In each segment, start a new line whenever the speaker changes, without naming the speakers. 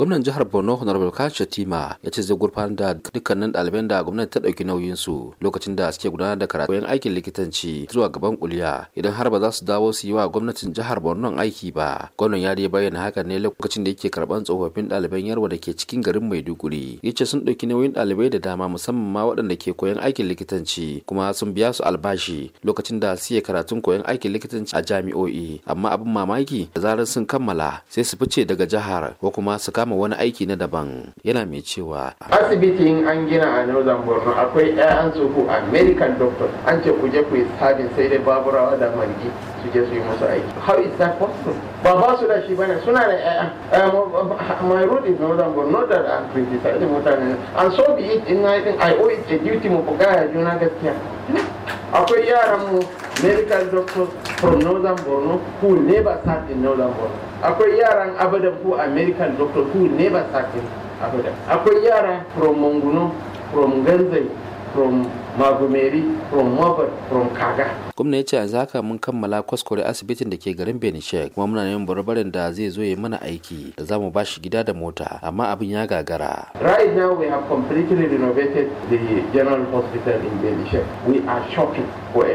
gwamnan jihar borno honorable khan tima ya ce zai gurfanar da dukkanin ɗaliban da gwamnati ta ɗauki nauyin su lokacin da suke gudanar da karatu aikin likitanci zuwa gaban kuliya idan har ba za su dawo su yi wa gwamnatin jihar borno aiki ba gwamnan ya bayyana haka ne lokacin da yake karban tsofaffin ɗaliban yarwa da ke cikin garin maiduguri ya ce sun ɗauki nauyin ɗalibai da dama musamman ma waɗanda ke koyon aikin likitanci kuma sun biya su albashi lokacin da suke karatun koyon aikin likitanci a jami'o'i amma abin mamaki da zarar sun kammala sai su fice daga jihar ko kuma su kama kama wani aiki na daban yana mai cewa
asibitin an gina a northern borno akwai 'ya'yan tsoho american doctor an ce ku je ku yi sabin sai dai baburawa da marigi su je su yi musu aiki how is that possible ba ba su da shi bane suna da 'ya'yan eh, my road is northern borno that i'm criticizing mutane and so be it in i i owe it a duty mu ku gaya juna gaskiya akwai yaranmu medical doctors from northern borno who never sat in northern borno akwai yaran abadan who american doctor who never sat in abadan akwai yara from monguno from ganzai from magumeri from mobile from kaga
gwamna ya ce yanzu haka mun kammala kwaskwari asibitin da ke garin benishek kuma muna neman barbarin da zai zo ya mana aiki da za mu ba shi gida da mota amma abin ya gagara
right now we have completely renovated the general hospital in benishek we are shopping for a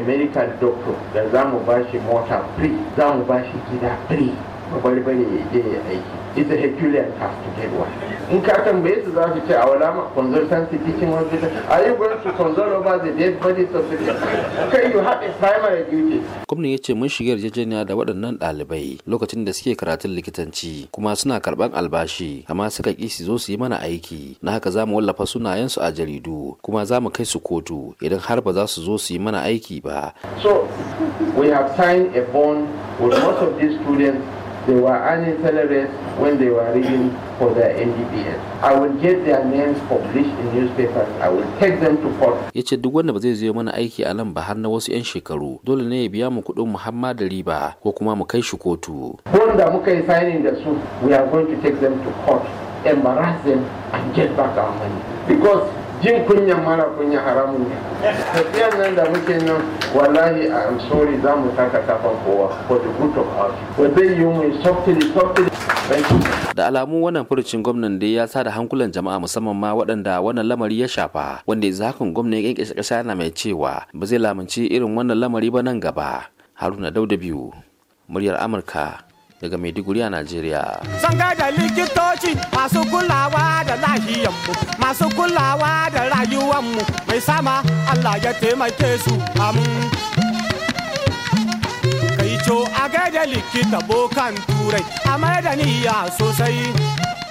doctor da za mu ba shi mota free za mu ba shi gida free akwai bane ne je ya aiki ita a herculean task to get one in ka tambaye su za su ce a wala ma consultancy teaching hospital are you going to consult over the dead bodies of the kai you have a primary duty
gwamnan ya ce mun shiga yarjejeniya da waɗannan ɗalibai lokacin da suke karatun likitanci kuma suna karɓan albashi amma suka ƙi su zo su yi mana aiki na haka za mu wallafa sunayensu a jaridu kuma za mu kai su kotu idan har ba za su zo su yi mana aiki ba
so we have signed a bond with most of these students they were earning salaries when they were reading for their NDPS. I will get their names published in newspapers. I will take them to court. Ya
ce duk wanda ba zai zo mana aiki a nan ba har na wasu 'yan shekaru dole ne ya biya mu kuɗin Muhammad da riba ko kuma mu kai shi kotu.
Wanda muka yi signing da su, we are going to take them to court, embarrass them and get back our money. Because jin kunyan mara kunya haramun ne tafiyan nan da muke nan wallahi a amsori za mu taka kafan kowa for the good of us ba zai yi mai softly softly
da alamu wannan furucin gwamnan da ya sa da hankulan jama'a musamman ma waɗanda wannan lamari ya shafa wanda yanzu hakan gwamnan ya kyankyashe ƙasa yana mai cewa ba zai lamunci irin wannan lamari ba nan gaba haruna dauda biyu muryar amurka daga Maiduguri a Najeriya.
Zan da likitoci masu kulawa da lahiyanmu, masu kulawa da rayuwanmu mai sama Allah ya taimake su amu. Kai co a gaida likita bokan turai, a mai da niyya sosai.